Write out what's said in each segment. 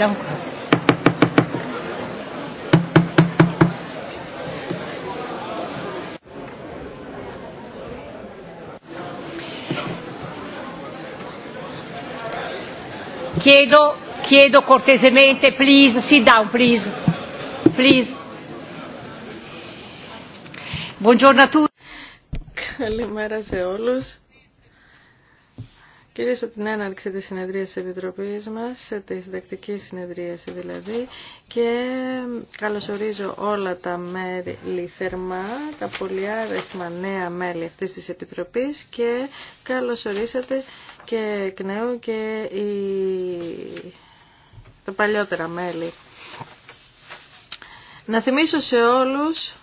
Danke. Chiedo, chiedo cortesemente, please, sit down, please. Please. Buongiorno a tutti. Καλημέρα σε όλους. Κυρίως από την έναρξη της συνεδρίας της Επιτροπής μας, της διδακτικής συνεδρίας δηλαδή, και καλωσορίζω όλα τα μέλη θερμά, τα πολυάρεθμα νέα μέλη αυτής της Επιτροπής και καλωσορίσατε και εκ νέου και τα παλιότερα μέλη. Να θυμίσω σε όλους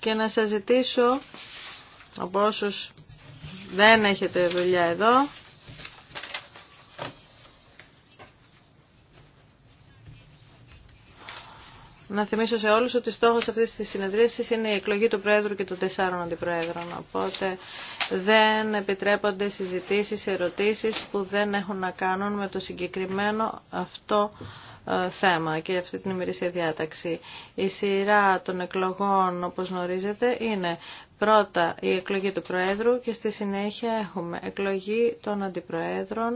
και να σας ζητήσω από όσους δεν έχετε δουλειά εδώ. Να θυμίσω σε όλους ότι στόχος αυτής της συνεδρίασης είναι η εκλογή του Πρόεδρου και των τεσσάρων αντιπρόεδρων. Οπότε δεν επιτρέπονται συζητήσεις, ερωτήσεις που δεν έχουν να κάνουν με το συγκεκριμένο αυτό ε, θέμα και αυτή την ημερήσια διάταξη. Η σειρά των εκλογών, όπως γνωρίζετε, είναι Πρώτα η εκλογή του Προέδρου και στη συνέχεια έχουμε εκλογή των Αντιπροέδρων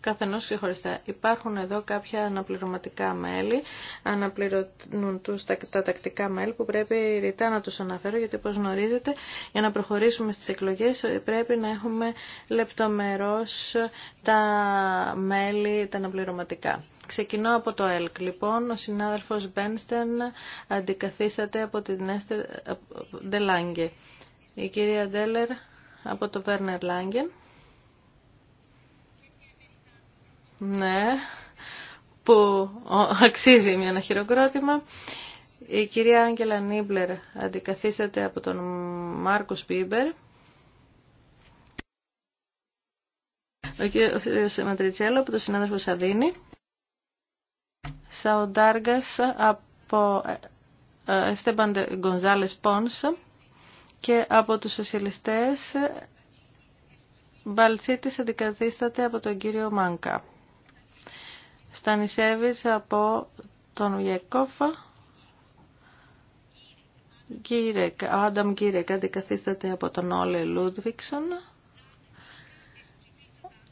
Καθενό ξεχωριστά. Υπάρχουν εδώ κάποια αναπληρωματικά μέλη, αναπληρώνουν τους, τα, τακτικά μέλη που πρέπει ρητά να τους αναφέρω, γιατί όπως γνωρίζετε, για να προχωρήσουμε στις εκλογές πρέπει να έχουμε λεπτομερώς τα μέλη, τα αναπληρωματικά. Ξεκινώ από το ΕΛΚ. Λοιπόν, ο συνάδελφος Μπένστεν αντικαθίσταται από την Έστερ Ντελάγκε. Η κυρία Ντέλερ από το Βέρνερ Λάγκεν. ναι, που αξίζει μια ένα χειροκρότημα. Η κυρία Άγγελα Νίμπλερ αντικαθίσταται από τον Μάρκος Πίμπερ. Ο κύριος Ματριτσέλο από τον συνάδελφο Σαβίνη. Σαοντάργας από ε, ε, Εστέμπαν Γκονζάλες Πόνς και από τους σοσιαλιστές Μπαλτσίτης αντικαθίσταται από τον κύριο Μάνκα. Στανισέβης από τον Γιακόφα. Γκίρεκ, Άνταμ Γκίρεκ αντικαθίσταται από τον Όλε Λούντβικσον.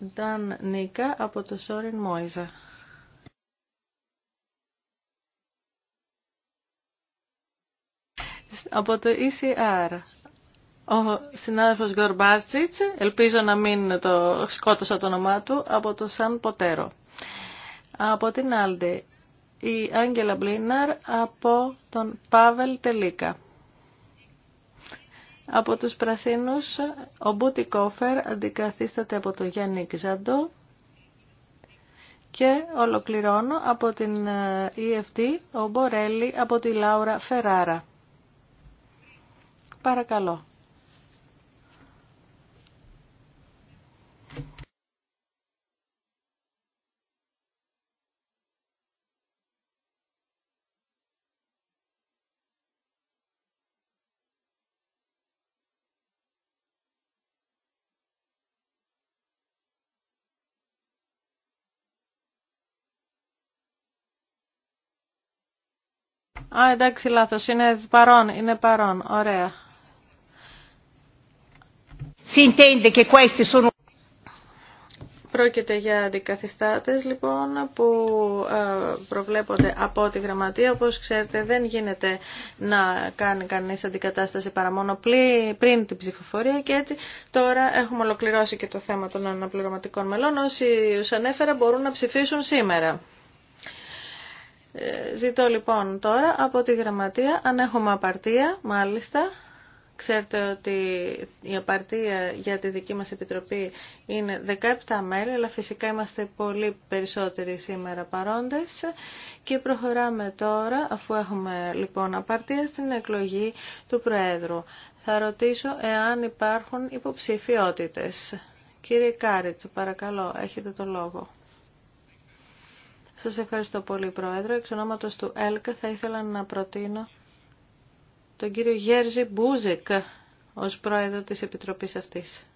Νταν Νίκα από το Σόριν Μόιζα. Από το ECR. Ο συνάδελφος Γκορμπάρτσιτς, ελπίζω να μην το σκότωσα το όνομά του, από το Σαν Ποτέρο από την Άλντε, η Άγγελα Μπλίναρ από τον Πάβελ Τελίκα. Από τους Πρασίνους, ο Μπούτι Κόφερ αντικαθίσταται από τον Γιάννη Ξαντό. και ολοκληρώνω από την ε, EFT ο Μπορέλη από τη Λάουρα Φεράρα. Παρακαλώ. Α, εντάξει, λάθος. Είναι παρόν, είναι παρόν. Ωραία. Πρόκειται για αντικαθιστάτες λοιπόν που ε, προβλέπονται από τη γραμματεία. Όπως ξέρετε δεν γίνεται να κάνει κανείς αντικατάσταση παρά μόνο πριν την ψηφοφορία και έτσι τώρα έχουμε ολοκληρώσει και το θέμα των αναπληρωματικών μελών. Όσοι ανέφερα μπορούν να ψηφίσουν σήμερα. Ε, ζητώ λοιπόν τώρα από τη γραμματεία, αν έχουμε απαρτία, μάλιστα, Ξέρετε ότι η απαρτία για τη δική μας επιτροπή είναι 17 μέλη, αλλά φυσικά είμαστε πολύ περισσότεροι σήμερα παρόντες και προχωράμε τώρα, αφού έχουμε λοιπόν απαρτία, στην εκλογή του Προέδρου. Θα ρωτήσω εάν υπάρχουν υποψηφιότητες. Κύριε Κάριτς, παρακαλώ, έχετε το λόγο. Σας ευχαριστώ πολύ, Πρόεδρο. Εξ ονόματος του ΕΛΚ θα ήθελα να προτείνω τον κύριο Γέρζη Μπούζεκ ως πρόεδρο της Επιτροπής αυτής.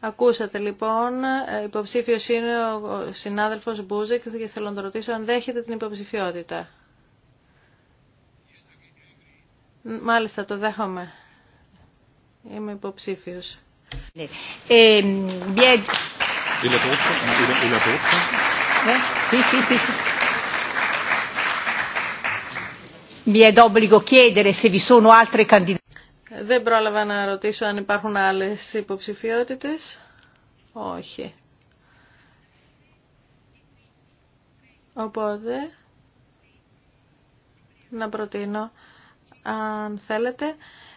Ακούσατε λοιπόν, ε, υποψήφιος είναι ο συνάδελφος Μπούζεκ και θέλω να το ρωτήσω αν δέχεται την υποψηφιότητα. Μάλιστα, το δέχομαι. Είμαι υποψήφιος. Ναι. Ε, δεν πρόλαβα να ρωτήσω αν υπάρχουν άλλες υποψηφιότητες. Όχι. Οπότε, να προτείνω, αν θέλετε,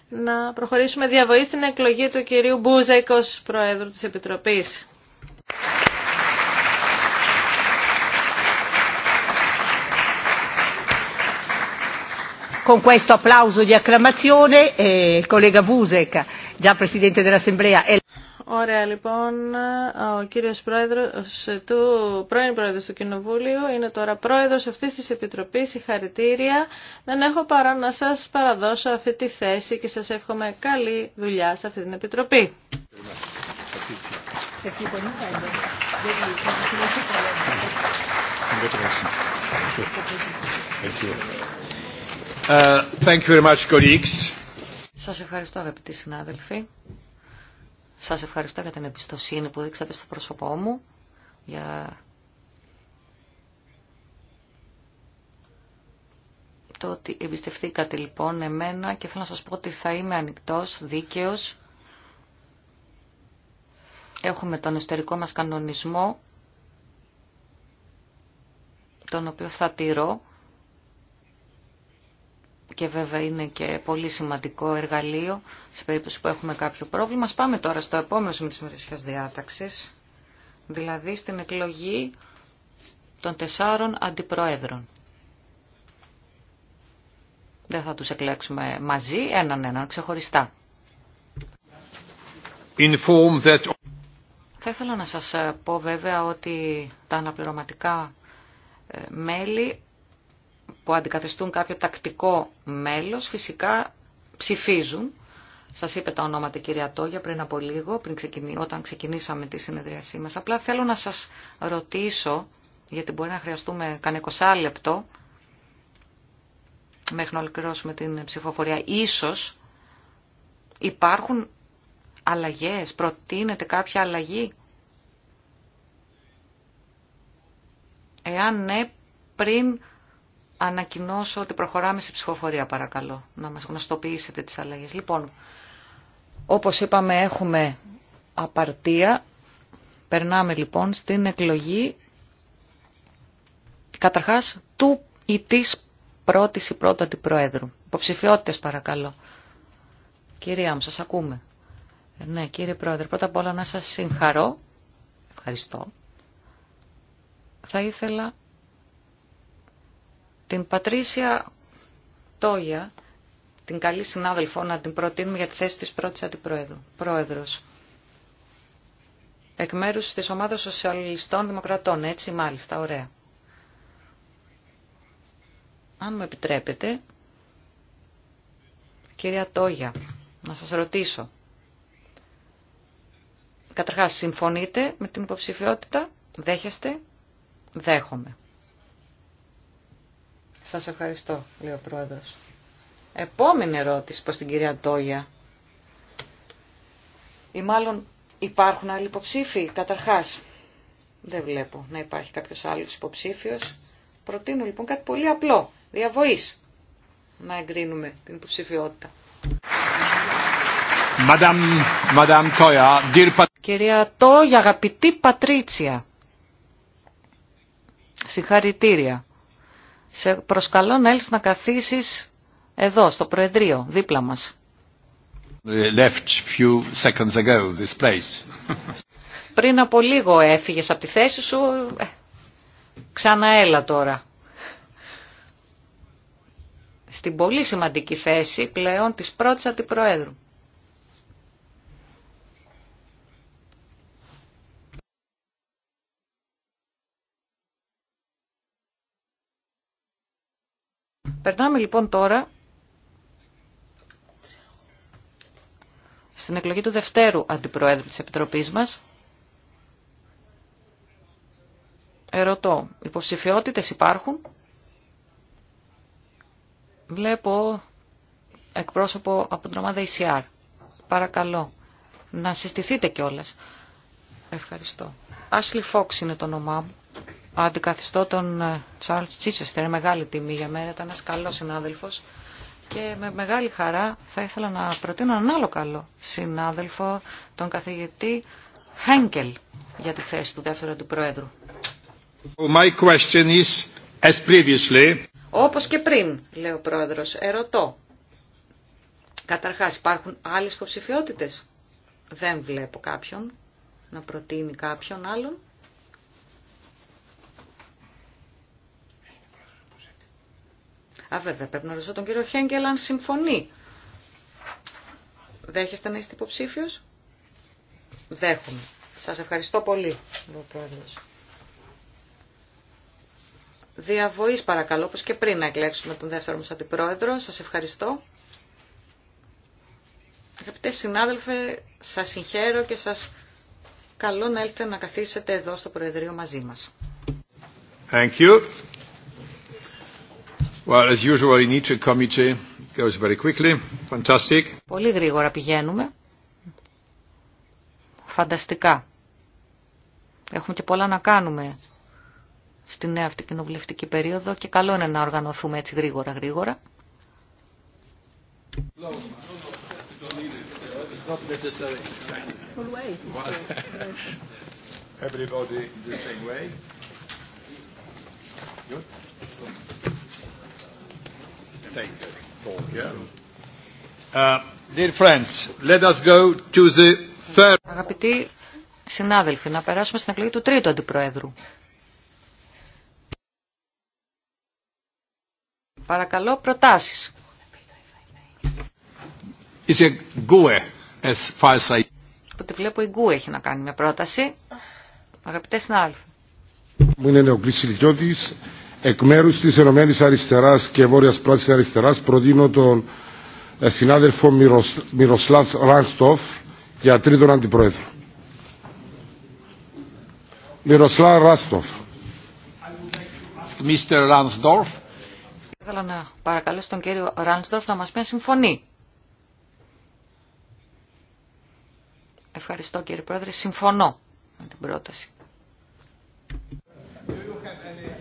να προχωρήσουμε διαβοή στην εκλογή του κυρίου Μπούζεκ ως Προέδρου της Επιτροπής. con questo applauso di acclamazione eh, il Ωραία λοιπόν, ο κύριος Πρόεδρος του, πρώην Πρόεδρος του Κοινοβούλιου είναι τώρα Πρόεδρος αυτής της Επιτροπής, συγχαρητήρια. Δεν έχω παρά να σας παραδώσω αυτή τη θέση και σας εύχομαι καλή δουλειά σε αυτή την Επιτροπή. Uh, thank Σας ευχαριστώ αγαπητοί συνάδελφοι. Σας ευχαριστώ για την εμπιστοσύνη που δείξατε στο πρόσωπό μου. Για το ότι εμπιστευτήκατε λοιπόν εμένα και θέλω να σας πω ότι θα είμαι ανοιχτός, δίκαιος. Έχουμε τον εσωτερικό μας κανονισμό, τον οποίο θα τηρώ και βέβαια είναι και πολύ σημαντικό εργαλείο σε περίπτωση που έχουμε κάποιο πρόβλημα. Ας πάμε τώρα στο επόμενο σημείο της μερισιάς διάταξης, δηλαδή στην εκλογή των τεσσάρων αντιπροέδρων. Δεν θα τους εκλέξουμε μαζί, έναν έναν, ξεχωριστά. that... Θα ήθελα να σας πω βέβαια ότι τα αναπληρωματικά ε, μέλη που αντικαθιστούν κάποιο τακτικό μέλος φυσικά ψηφίζουν. Σας είπε τα ονόματα κυρία Τόγια πριν από λίγο, πριν ξεκινή, όταν ξεκινήσαμε τη συνεδρίασή μας. Απλά θέλω να σας ρωτήσω, γιατί μπορεί να χρειαστούμε κανένα 20 λεπτό, μέχρι να ολοκληρώσουμε την ψηφοφορία. Ίσως υπάρχουν αλλαγές, προτείνεται κάποια αλλαγή. Εάν ναι, πριν ανακοινώσω ότι προχωράμε σε ψηφοφορία παρακαλώ, να μας γνωστοποιήσετε τις αλλαγές. Λοιπόν, όπως είπαμε έχουμε απαρτία, περνάμε λοιπόν στην εκλογή καταρχάς του ή της πρώτης ή πρώτου πρόεδρου Υποψηφιότητες παρακαλώ. Κυρία μου, σας ακούμε. Ε, ναι, κύριε Πρόεδρε, πρώτα απ' όλα να σας συγχαρώ. Ευχαριστώ. Θα ήθελα την Πατρίσια Τόγια, την καλή συνάδελφο, να την προτείνουμε για τη θέση της πρώτης αντιπρόεδρου. Πρόεδρος. Εκ μέρους της ομάδας σοσιαλιστών δημοκρατών, έτσι μάλιστα, ωραία. Αν μου επιτρέπετε, κυρία Τόγια, να σας ρωτήσω. Καταρχάς, συμφωνείτε με την υποψηφιότητα, δέχεστε, δέχομαι. Σας ευχαριστώ, λέει ο πρόεδρος. Επόμενη ερώτηση προς την κυρία Τόγια. Ή μάλλον υπάρχουν άλλοι υποψήφοι, καταρχάς. Δεν βλέπω να υπάρχει κάποιος άλλος υποψήφιος. Προτείνω λοιπόν κάτι πολύ απλό, διαβοής, να εγκρίνουμε την υποψηφιότητα. Κυρία Τόγια, αγαπητή Πατρίτσια, συγχαρητήρια. Σε προσκαλώ να έλθεις να καθίσεις εδώ, στο Προεδρείο, δίπλα μας. Left few Πριν από λίγο έφυγες από τη θέση σου, ε, ξαναέλα τώρα. Στην πολύ σημαντική θέση πλέον της πρώτης αντιπροέδρου. Περνάμε λοιπόν τώρα στην εκλογή του δευτέρου αντιπροέδρου της Επιτροπής μας. Ερωτώ, υποψηφιότητες υπάρχουν. Βλέπω εκπρόσωπο από την ομάδα ECR. Παρακαλώ, να συστηθείτε κιόλας. Ευχαριστώ. Ashley Fox είναι το όνομά μου αντικαθιστώ τον ε, Charles Chichester, μεγάλη τιμή για μένα, ήταν ένας καλός συνάδελφος και με μεγάλη χαρά θα ήθελα να προτείνω έναν άλλο καλό συνάδελφο, τον καθηγητή Χένκελ, για τη θέση του δεύτερου του Προέδρου. My question is, as Όπως και πριν, λέει ο Πρόεδρος, ερωτώ. Καταρχάς, υπάρχουν άλλες υποψηφιότητε. Δεν βλέπω κάποιον να προτείνει κάποιον άλλον. Α, βέβαια, πρέπει να ρωτήσω τον κύριο Χέγκελ αν συμφωνεί. Δέχεστε να είστε υποψήφιο. Δέχομαι. Σα ευχαριστώ πολύ, πρόεδρος. Διαβοής παρακαλώ, όπω και πριν να εκλέξουμε τον δεύτερο μα αντιπρόεδρο. Σα ευχαριστώ. Αγαπητέ συνάδελφε, σα συγχαίρω και σα καλώ να έλθετε να καθίσετε εδώ στο Προεδρείο μαζί μα. Well, as usual, in each committee very quickly. Fantastic. Πολύ γρήγορα πηγαίνουμε. Φανταστικά. Έχουμε και πολλά να κάνουμε στη νέα αυτή κοινοβουλευτική περίοδο και καλό είναι να οργανωθούμε έτσι γρήγορα γρήγορα. Everybody the same way. Good. Αγαπητοί συνάδελφοι, να περάσουμε στην εκλογή του τρίτου αντιπροέδρου. Παρακαλώ, προτάσεις. Από ό,τι βλέπω η Γκου έχει να κάνει μια πρόταση. Αγαπητέ συνάδελφοι. Μου είναι ο Κλής Εκ μέρου τη Ενωμένη Αριστερά και Βόρεια Πράσινη Αριστερά προτείνω τον ε, συνάδελφο Μυροσλάβ Ράνστοφ για τρίτον αντιπρόεδρο. Μυροσλάβ Ράνστοφ. Μιστέρ Ransdorf. Θέλω να παρακαλέσω τον κύριο Ράνστοφ να μας πει αν συμφωνεί. Ευχαριστώ κύριε Πρόεδρε. Συμφωνώ με την πρόταση.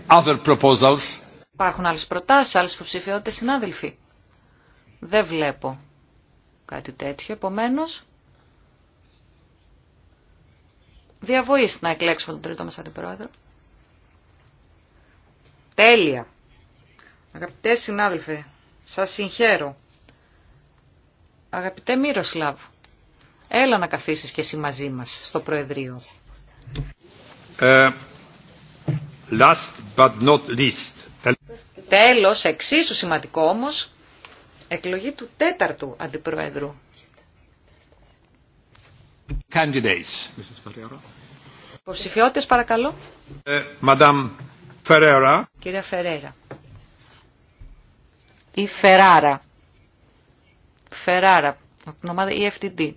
Other proposals. Υπάρχουν άλλες προτάσεις, άλλες υποψηφιότητες, συνάδελφοι. Δεν βλέπω κάτι τέτοιο, επομένως... Διαβοής να εκλέξουμε τον τρίτο μας αντιπρόεδρο. Τέλεια. Αγαπητέ συνάδελφοι, σας συγχαίρω. Αγαπητέ Μύροσλαβ, έλα να καθίσεις και εσύ μαζί μας στο Προεδρείο. Ε... Last but not least. Τέλος, εξίσου σημαντικό όμως, εκλογή του τέταρτου αντιπρόεδρου. Candidates. Mrs. Ferreira. Υποψηφιότητες παρακαλώ. Uh, Madame Ferreira. Κυρία Φερέρα. Ή Φεράρα. Φεράρα, ομάδα EFTD.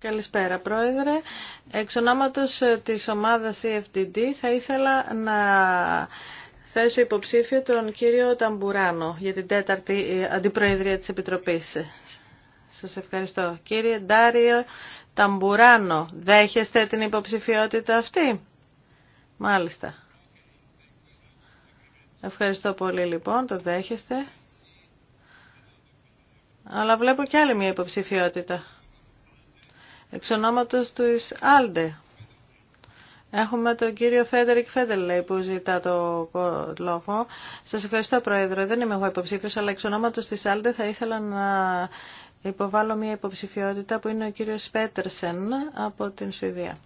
Καλησπέρα Πρόεδρε. Εξ ονόματος ε, της ομάδας EFTD θα ήθελα να θέσω υποψήφιο τον κύριο Ταμπουράνο για την τέταρτη ε, αντιπροεδρία της Επιτροπής. Σας ευχαριστώ. Κύριε Ντάριο Ταμπουράνο, δέχεστε την υποψηφιότητα αυτή. Μάλιστα. Ευχαριστώ πολύ λοιπόν, το δέχεστε. Αλλά βλέπω και άλλη μια υποψηφιότητα. Εξ ονόματος του Άλντε. Έχουμε τον κύριο Φέντερικ Φέντερλε που ζητά το λόγο. Σας ευχαριστώ Πρόεδρε, δεν είμαι εγώ υποψήφιος, αλλά εξ ονόματος της Άλντε θα ήθελα να υποβάλω μια υποψηφιότητα που είναι ο κύριος Πέτερσεν από την Σουηδία.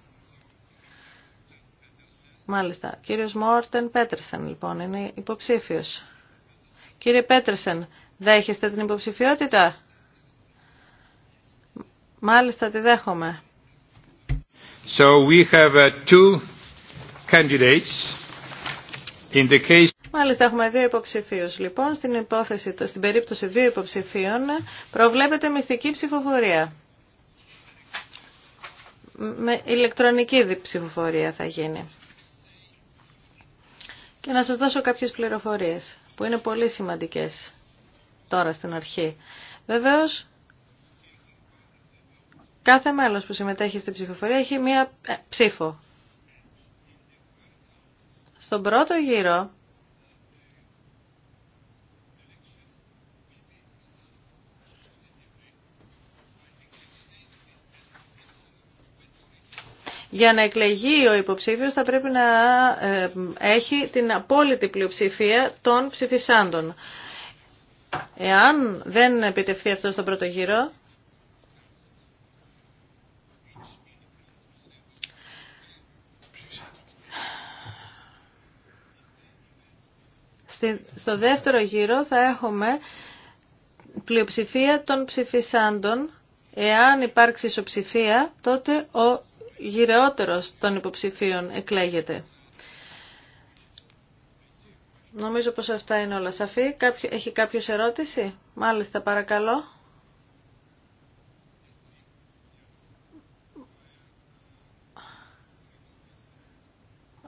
Μάλιστα. Κύριος Μόρτεν Πέτερσεν λοιπόν είναι υποψήφιος. Κύριε Πέτερσεν, δέχεστε την υποψηφιότητα? Μάλιστα τη δέχομαι. So we have uh, two candidates in the case... Μάλιστα έχουμε δύο υποψηφίους. Λοιπόν, στην, υπόθεση, περίπτωση δύο υποψηφίων προβλέπεται μυστική ψηφοφορία. Με ηλεκτρονική ψηφοφορία θα γίνει. Και να σας δώσω κάποιες πληροφορίες που είναι πολύ σημαντικές τώρα στην αρχή. Βεβαίως Κάθε μέλος που συμμετέχει στην ψηφοφορία έχει μία ε, ψήφο. Στον πρώτο γύρο Για να εκλεγεί ο υποψήφιος θα πρέπει να ε, έχει την απόλυτη πλειοψηφία των ψηφισάντων. Εάν δεν επιτευχθεί αυτό στον πρώτο γύρο, στο δεύτερο γύρο θα έχουμε πλειοψηφία των ψηφισάντων. Εάν υπάρξει ισοψηφία, τότε ο γυρεότερος των υποψηφίων εκλέγεται. Νομίζω πως αυτά είναι όλα σαφή. Έχει κάποιος ερώτηση? Μάλιστα, παρακαλώ.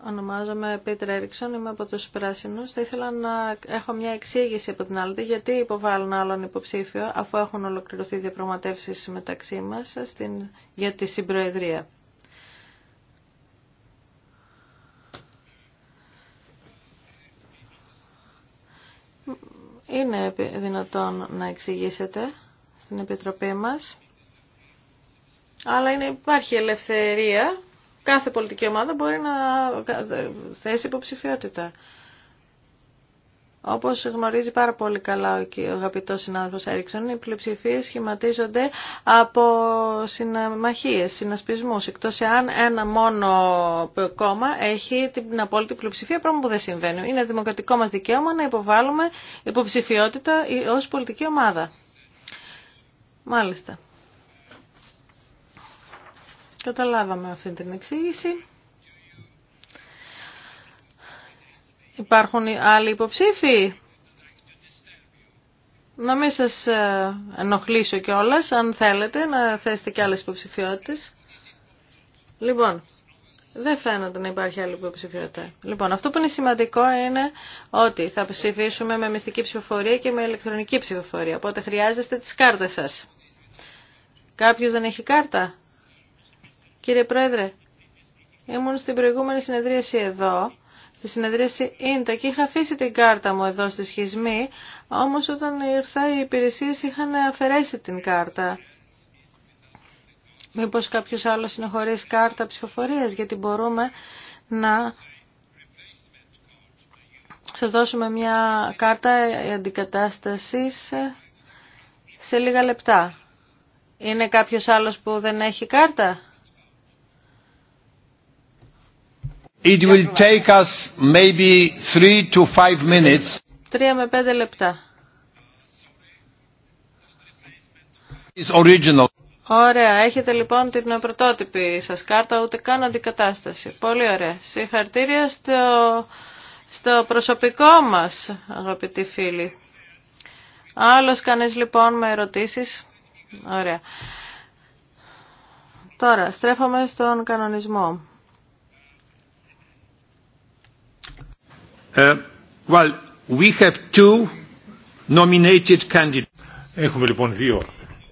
Ονομάζομαι Πίτρ Έριξον, είμαι από τους Πράσινους. Θα ήθελα να έχω μια εξήγηση από την άλλη, γιατί υποβάλλουν άλλον υποψήφιο, αφού έχουν ολοκληρωθεί διαπραγματεύσεις μεταξύ μας στην... για τη συμπροεδρία. Είναι δυνατόν να εξηγήσετε στην Επιτροπή μας, αλλά είναι, υπάρχει ελευθερία Κάθε πολιτική ομάδα μπορεί να θέσει υποψηφιότητα. Όπω γνωρίζει πάρα πολύ καλά ο αγαπητό συνάδελφο Έριξον, οι πλειοψηφίε σχηματίζονται από συναμαχίε, συνασπισμού. Εκτό εάν ένα μόνο κόμμα έχει την απόλυτη πλειοψηφία, πράγμα που δεν συμβαίνει. Είναι δημοκρατικό μα δικαίωμα να υποβάλουμε υποψηφιότητα ω πολιτική ομάδα. Μάλιστα. Καταλάβαμε αυτή την εξήγηση. Υπάρχουν άλλοι υποψήφοι. Να μην σας ε, ενοχλήσω κιόλας, αν θέλετε, να θέσετε κι άλλες υποψηφιότητες. Λοιπόν, δεν φαίνεται να υπάρχει άλλη υποψηφιότητα. Λοιπόν, αυτό που είναι σημαντικό είναι ότι θα ψηφίσουμε με μυστική ψηφοφορία και με ηλεκτρονική ψηφοφορία. Οπότε χρειάζεστε τις κάρτες σας. Κάποιος δεν έχει κάρτα. Κύριε Πρόεδρε, ήμουν στην προηγούμενη συνεδρίαση εδώ, στη συνεδρίαση ίντα και είχα αφήσει την κάρτα μου εδώ στη σχισμή, όμως όταν ήρθα οι υπηρεσίες είχαν αφαιρέσει την κάρτα. Μήπως κάποιος άλλος είναι χωρίς κάρτα ψηφοφορίας, γιατί μπορούμε να σας δώσουμε μια κάρτα αντικατάστασης σε λίγα λεπτά. Είναι κάποιος άλλος που δεν έχει κάρτα? It will take us maybe to minutes. Τρία με πέντε λεπτά. Is original. Ωραία, έχετε λοιπόν την πρωτότυπη σας κάρτα, ούτε καν αντικατάσταση. Πολύ ωραία. Συγχαρητήρια στο, στο προσωπικό μας, αγαπητοί φίλοι. Άλλος κανείς λοιπόν με ερωτήσεις. Ωραία. Τώρα, στρέφομαι στον κανονισμό. Ε, Έχουμε λοιπόν δύο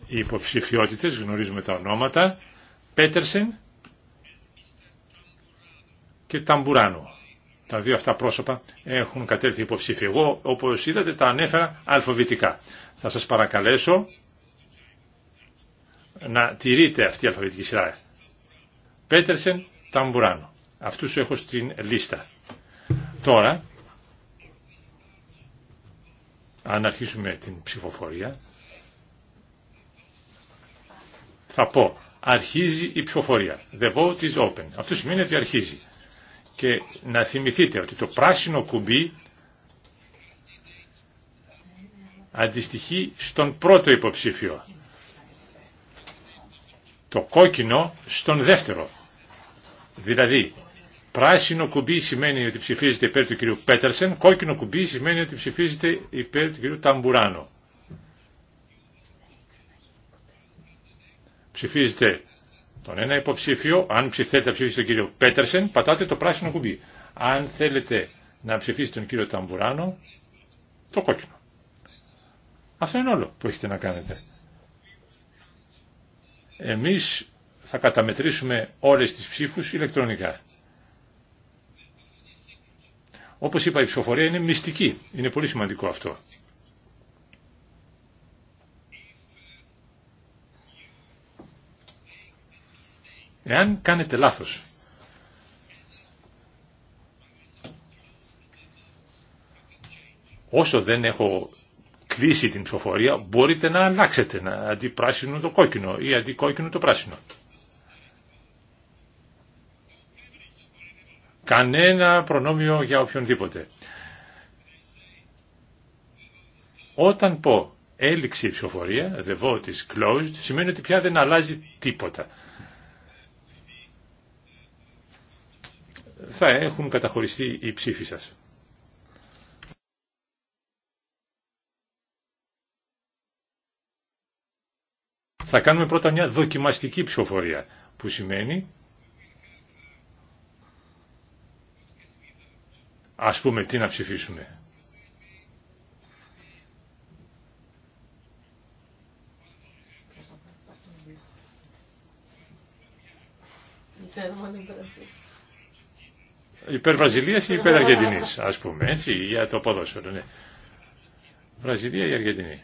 υποψηφιότητες, γνωρίζουμε τα ονόματα, Πέτερσεν και Ταμπουράνο. Τα δύο αυτά πρόσωπα έχουν κατέλθει υποψήφιοι. Εγώ, όπως είδατε, τα ανέφερα αλφαβητικά. Θα σας παρακαλέσω να τηρείτε αυτή η αλφαβητική σειρά. Πέτερσεν, Ταμπουράνο. Αυτούς έχω στην λίστα. Τώρα αν αρχίσουμε την ψηφοφορία, θα πω αρχίζει η ψηφοφορία. The vote is open. Αυτό σημαίνει ότι αρχίζει. Και να θυμηθείτε ότι το πράσινο κουμπί αντιστοιχεί στον πρώτο υποψήφιο. Το κόκκινο στον δεύτερο. Δηλαδή, Πράσινο κουμπί σημαίνει ότι ψηφίζετε υπέρ του κυρίου Πέτερσεν, κόκκινο κουμπί σημαίνει ότι ψηφίζετε υπέρ του κυρίου Ταμπουράνο. Ψηφίζετε τον ένα υποψήφιο, αν θέλετε να ψηφίσετε τον κύριο Πέτερσεν, πατάτε το πράσινο κουμπί. Αν θέλετε να ψηφίσετε τον κύριο Ταμπουράνο, το κόκκινο. Αυτό είναι όλο που έχετε να κάνετε. Εμείς θα καταμετρήσουμε όλες τις ψήφους ηλεκτρονικά. Όπως είπα η ψηφοφορία είναι μυστική. Είναι πολύ σημαντικό αυτό. Εάν κάνετε λάθος, όσο δεν έχω κλείσει την ψηφοφορία, μπορείτε να αλλάξετε, να αντιπράσινο το κόκκινο ή αντί το πράσινο. Κανένα προνόμιο για οποιονδήποτε. Όταν πω έληξη ψηφοφορία, the vote is closed, σημαίνει ότι πια δεν αλλάζει τίποτα. Θα έχουν καταχωριστεί οι ψήφοι σας. Θα κάνουμε πρώτα μια δοκιμαστική ψηφοφορία, που σημαίνει ας πούμε τι να ψηφίσουμε. Υπέρ Βραζιλίας ή υπέρ Αργεντινής, ας πούμε, έτσι, για το ποδόσφαιρο, ναι. Βραζιλία ή Αργεντινή.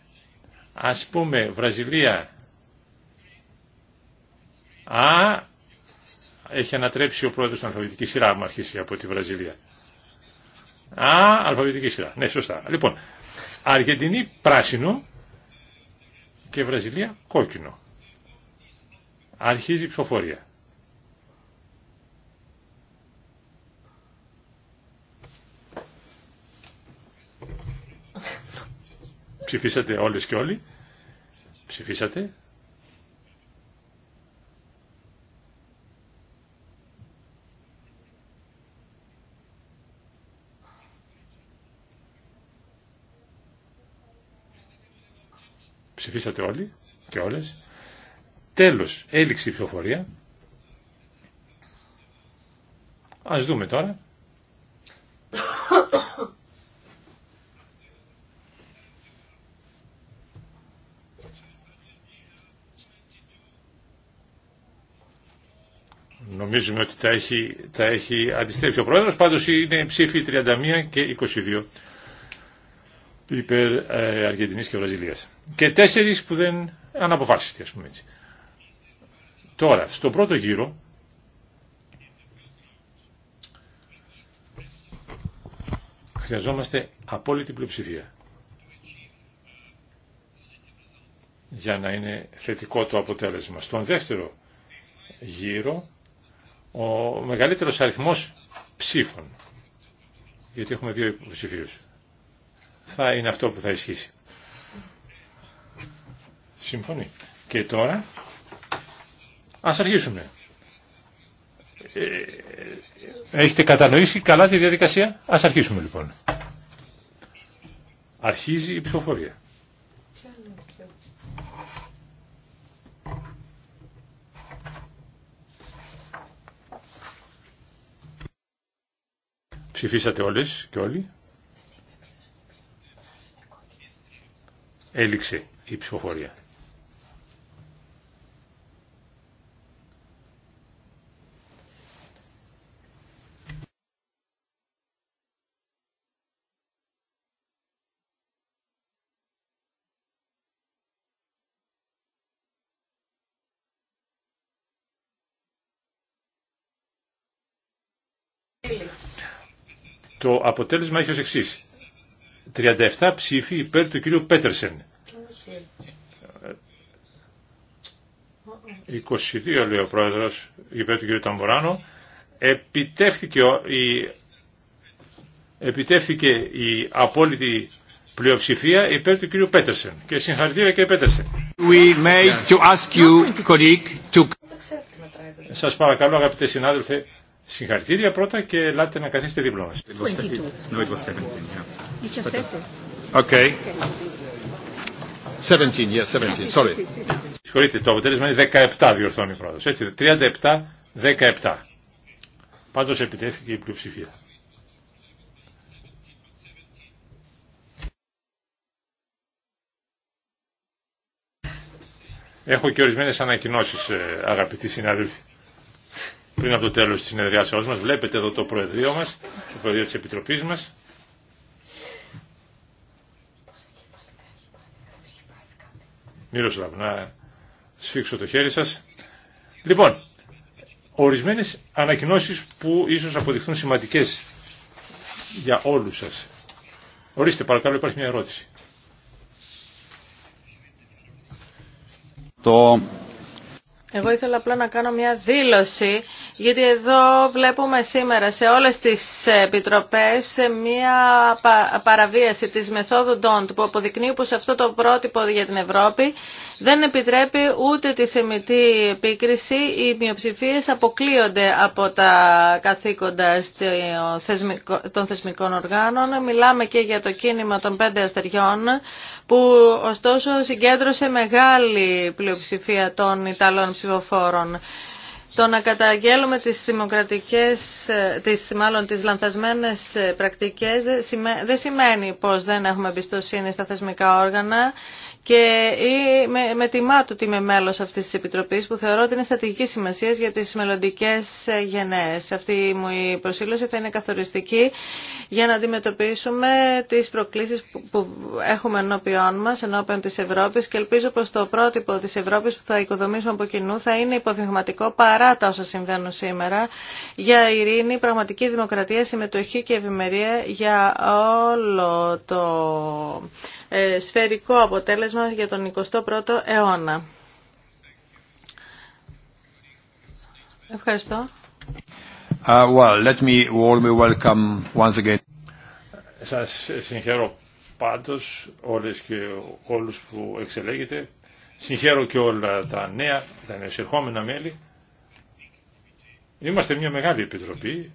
Ας πούμε, Βραζιλία. Α, έχει ανατρέψει ο πρόεδρος στην αλφαβητική σειρά, μου αρχίσει από τη Βραζιλία. Α, αλφαβητική σειρά. Ναι, σωστά. Λοιπόν, Αργεντινή πράσινο και Βραζιλία κόκκινο. Αρχίζει η ψηφοφορία. Ψηφίσατε όλες και όλοι. Ψηφίσατε. Ψηφίσατε όλοι και όλες. Τέλος, έληξη η ψηφοφορία. Ας δούμε τώρα. Νομίζουμε ότι τα έχει, τα έχει αντιστρέψει ο Πρόεδρος, πάντως είναι ψήφοι 31 και 22 υπέρ ε, Αργεντινής και Βραζιλίας. Και τέσσερις που δεν αναποφάσιστη ας πούμε έτσι. Τώρα, στο πρώτο γύρο, χρειαζόμαστε απόλυτη πλειοψηφία για να είναι θετικό το αποτέλεσμα. Στον δεύτερο γύρο, ο μεγαλύτερος αριθμός ψήφων, γιατί έχουμε δύο υποψηφίους θα είναι αυτό που θα ισχύσει. Συμφωνεί. Και τώρα ας αρχίσουμε. Ε, έχετε κατανοήσει καλά τη διαδικασία. Ας αρχίσουμε λοιπόν. Αρχίζει η ψηφοφορία. Ψηφίσατε όλες και όλοι. Έληξε η ψηφοφορία. Το αποτέλεσμα έχει ως εξής. 37 ψήφοι υπέρ του κυρίου Πέτερσεν. 22 λέει ο πρόεδρος υπέρ του κυρίου Ταμβουράνο. Επιτεύθηκε η, απόλυτη πλειοψηφία υπέρ του κυρίου Πέτερσεν. Και συγχαρητήρια και Πέτερσεν. Σας παρακαλώ αγαπητέ συνάδελφε, συγχαρητήρια πρώτα και ελάτε να καθίσετε δίπλα μας. Okay. 17, yes, 17, sorry. Συγχωρείτε, το αποτέλεσμα είναι 17 διορθώνει η πρόεδρος. Έτσι, 37-17. Πάντως επιτέθηκε η πλειοψηφία. Έχω και ορισμένες ανακοινώσεις ε, αγαπητοί συνάδελφοι. Πριν από το τέλος της συνεδριάσεώς μας βλέπετε εδώ το Προεδρείο μας, το Προεδρείο της Επιτροπής μας. Μύροσλαβ, να σφίξω το χέρι σας. Λοιπόν, ορισμένες ανακοινώσεις που ίσως αποδειχθούν σημαντικές για όλους σας. Ορίστε, παρακαλώ, υπάρχει μια ερώτηση. Το... Εγώ ήθελα απλά να κάνω μια δήλωση γιατί εδώ βλέπουμε σήμερα σε όλες τις επιτροπές μια παραβίαση της μεθόδου DON'T που αποδεικνύει πως αυτό το πρότυπο για την Ευρώπη δεν επιτρέπει ούτε τη θεμητή επίκριση. Οι μειοψηφίε αποκλείονται από τα καθήκοντα των θεσμικών οργάνων. Μιλάμε και για το κίνημα των πέντε αστεριών που ωστόσο συγκέντρωσε μεγάλη πλειοψηφία των Ιταλών ψηφοφόρων. Το να καταγγέλουμε τις δημοκρατικές, τις, μάλλον τις λανθασμένες πρακτικές δεν σημαίνει πως δεν έχουμε εμπιστοσύνη στα θεσμικά όργανα και με, με τιμά του ότι είμαι μέλος αυτής της Επιτροπής που θεωρώ ότι είναι στρατηγική σημασία για τις μελλοντικέ ε, γενναίες. Αυτή μου η προσήλωση θα είναι καθοριστική για να αντιμετωπίσουμε τις προκλήσεις που έχουμε ενώπιόν μας, ενώπιον της Ευρώπης και ελπίζω πως το πρότυπο της Ευρώπης που θα οικοδομήσουμε από κοινού θα είναι υποδειγματικό παρά τα όσα συμβαίνουν σήμερα για ειρήνη, πραγματική δημοκρατία, συμμετοχή και ευημερία για όλο το ε, σφαιρικό αποτέλεσμα για τον 21ο αιώνα. Ευχαριστώ. Uh, well, let me warmly welcome once again. Σας συγχαίρω πάντως όλες και όλους που εξελέγετε. Συγχαίρω και όλα τα νέα, τα νεοσυρχόμενα μέλη. Είμαστε μια μεγάλη επιτροπή,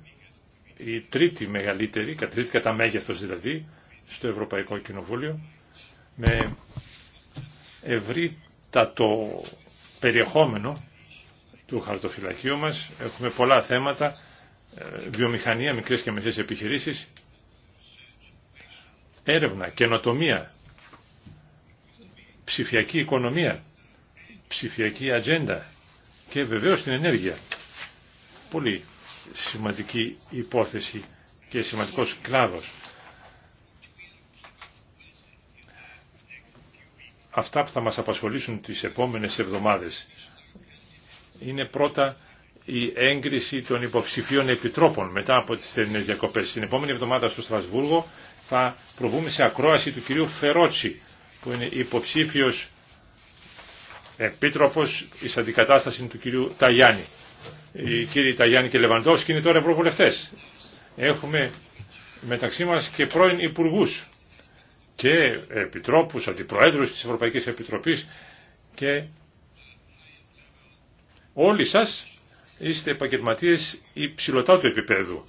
η τρίτη μεγαλύτερη, τρίτη κατά μέγεθος δηλαδή, στο Ευρωπαϊκό Κοινοβούλιο με ευρύτατο περιεχόμενο του χαρτοφυλακίου μας. Έχουμε πολλά θέματα, ε, βιομηχανία, μικρές και μεσές επιχειρήσεις, έρευνα, καινοτομία, ψηφιακή οικονομία, ψηφιακή ατζέντα και βεβαίως την ενέργεια. Πολύ σημαντική υπόθεση και σημαντικός κλάδος. αυτά που θα μας απασχολήσουν τις επόμενες εβδομάδες είναι πρώτα η έγκριση των υποψηφίων επιτρόπων μετά από τις θερινές διακοπές. Στην επόμενη εβδομάδα στο Στρασβούργο θα προβούμε σε ακρόαση του κυρίου Φερότσι που είναι υποψήφιος επίτροπος εις αντικατάσταση του κυρίου Ταγιάννη. Οι κύριοι Ταγιάννη και Λεβαντόφσκι είναι τώρα ευρωβουλευτές. Έχουμε μεταξύ μας και πρώην υπουργούς και επιτρόπους, αντιπροέδρους της Ευρωπαϊκής Επιτροπής και όλοι σας είστε επαγγελματίες υψηλωτά του επίπεδου.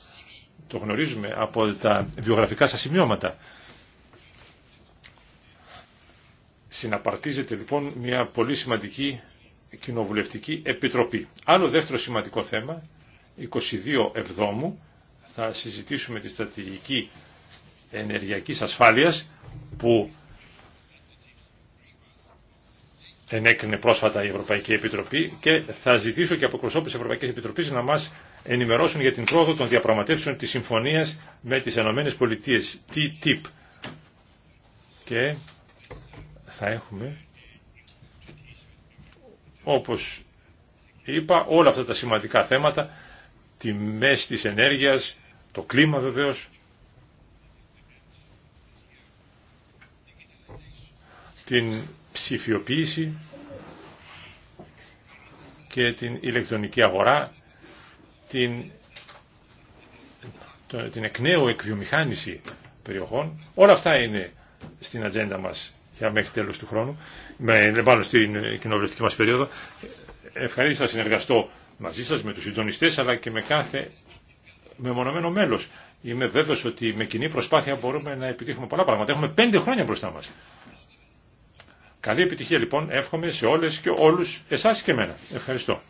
Το γνωρίζουμε από τα βιογραφικά σας σημειώματα. Συναπαρτίζεται λοιπόν μια πολύ σημαντική κοινοβουλευτική επιτροπή. Άλλο δεύτερο σημαντικό θέμα, 22 Εβδόμου, θα συζητήσουμε τη στρατηγική ενεργειακής ασφάλειας που ενέκρινε πρόσφατα η Ευρωπαϊκή Επιτροπή και θα ζητήσω και από εκπροσώπους της Ευρωπαϊκής Επιτροπής να μας ενημερώσουν για την πρόοδο των διαπραγματεύσεων της συμφωνίας με τις Ενωμένες Πολιτείες, TTIP. Και θα έχουμε, όπως είπα, όλα αυτά τα σημαντικά θέματα, τιμές της ενέργειας, το κλίμα βεβαίως, την ψηφιοποίηση και την ηλεκτρονική αγορά, την, την εκ νέου εκβιομηχάνηση περιοχών. Όλα αυτά είναι στην ατζέντα μας για μέχρι τέλος του χρόνου, με, πάνω στην κοινοβουλευτική μας περίοδο. Ευχαρίστω να συνεργαστώ μαζί σας, με τους συντονιστές, αλλά και με κάθε μεμονωμένο μέλος. Είμαι βέβαιος ότι με κοινή προσπάθεια μπορούμε να επιτύχουμε πολλά πράγματα. Έχουμε πέντε χρόνια μπροστά μας. Καλή επιτυχία λοιπόν εύχομαι σε όλες και όλους εσάς και εμένα. Ευχαριστώ.